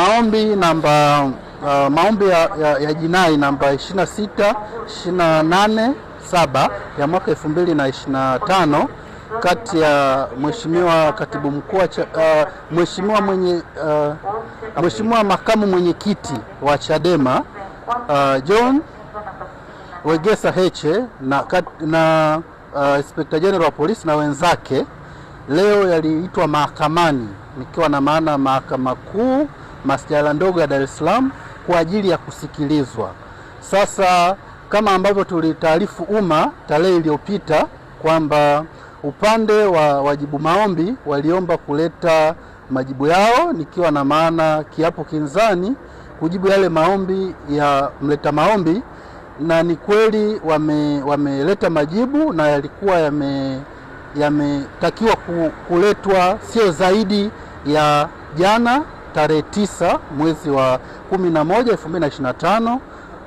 maombi namba uh, maombi ya, ya, ya jinai namba 26 28 7 ya mwaka 2025 kati ya mheshimiwa katibu mkuu uh, mheshimiwa mwenye uh, mheshimiwa makamu mwenyekiti wa Chadema uh, John Wegesa Heche na, kat, na uh, Inspector General wa polisi na wenzake leo yaliitwa mahakamani nikiwa na maana mahakama kuu masjala ndogo ya Dar es Salaam kwa ajili ya kusikilizwa. Sasa kama ambavyo tulitaarifu umma tarehe iliyopita kwamba upande wa wajibu maombi waliomba kuleta majibu yao, nikiwa na maana kiapo kinzani kujibu yale maombi ya mleta maombi, na ni kweli wame, wameleta majibu na yalikuwa yame yametakiwa kuletwa sio zaidi ya jana tarehe tisa mwezi wa 11 2025,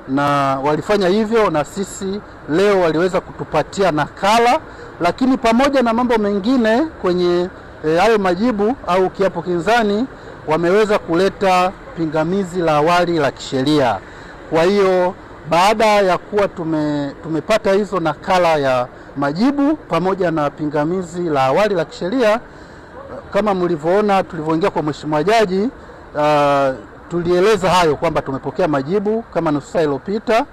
na walifanya hivyo na sisi leo waliweza kutupatia nakala, lakini pamoja na mambo mengine kwenye e, hayo e, majibu au kiapo kinzani wameweza kuleta pingamizi la awali la kisheria. Kwa hiyo baada ya kuwa tume, tumepata hizo nakala ya majibu pamoja na pingamizi la awali la kisheria kama mlivyoona tulivyoingia kwa mheshimiwa jaji uh, tulieleza hayo kwamba tumepokea majibu kama nusu saa iliyopita.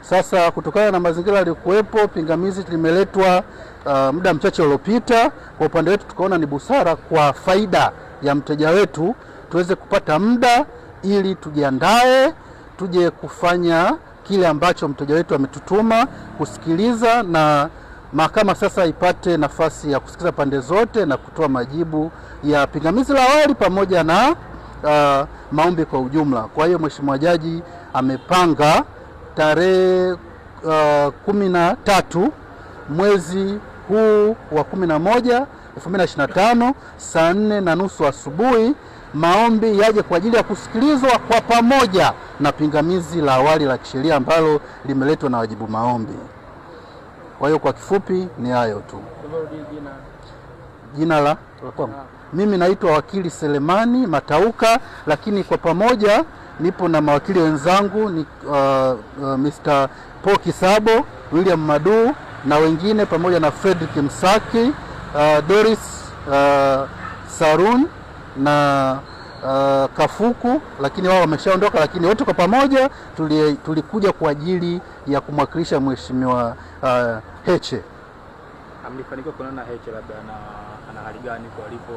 Sasa kutokana na mazingira yaliyokuwepo, pingamizi limeletwa uh, muda mchache uliopita. Kwa upande wetu tukaona ni busara kwa faida ya mteja wetu tuweze kupata muda ili tujiandae, tuje kufanya kile ambacho mteja wetu ametutuma kusikiliza na mahakama sasa ipate nafasi ya kusikiza pande zote na kutoa majibu ya pingamizi la awali pamoja na uh, maombi kwa ujumla. Kwa hiyo mheshimiwa jaji amepanga tarehe uh, kumi na tatu mwezi huu wa kumi na moja 2025 saa nne na nusu asubuhi maombi yaje kwa ajili ya kusikilizwa kwa pamoja na pingamizi la awali la kisheria ambalo limeletwa na wajibu maombi. Kwa hiyo kwa kifupi ni hayo tu. Jina la mimi naitwa wakili Selemani Matauka, lakini kwa pamoja nipo na mawakili wenzangu ni uh, uh, Mr. Paul Kisabo, William Madu na wengine pamoja na Fredrick Msaki, uh, Doris uh, Sarun na uh, Kafuku, lakini wao wameshaondoka, lakini wote kwa pamoja tulikuja kwa ajili ya kumwakilisha mheshimiwa uh, Heche. Amlifanikiwa kuonana Heche, labda ana hali gani kwa alipo,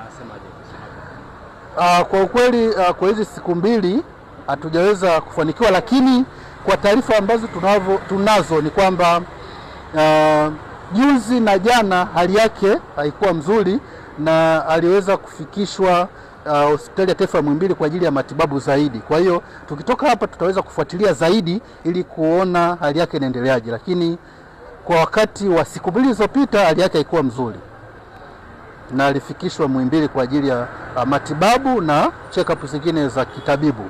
anasemaje? Uh, kwa ukweli uh, kwa hizi siku mbili hatujaweza kufanikiwa, lakini kwa taarifa ambazo tunavo, tunazo ni kwamba uh, juzi na jana hali yake haikuwa mzuri na aliweza kufikishwa hospitali uh, ya taifa ya Muhimbili kwa ajili ya matibabu zaidi. Kwa hiyo tukitoka hapa tutaweza kufuatilia zaidi ili kuona hali yake inaendeleaje, lakini kwa wakati wa siku mbili zilizopita hali yake haikuwa mzuri, na alifikishwa Muhimbili kwa ajili ya ah, matibabu na check-up zingine za kitabibu.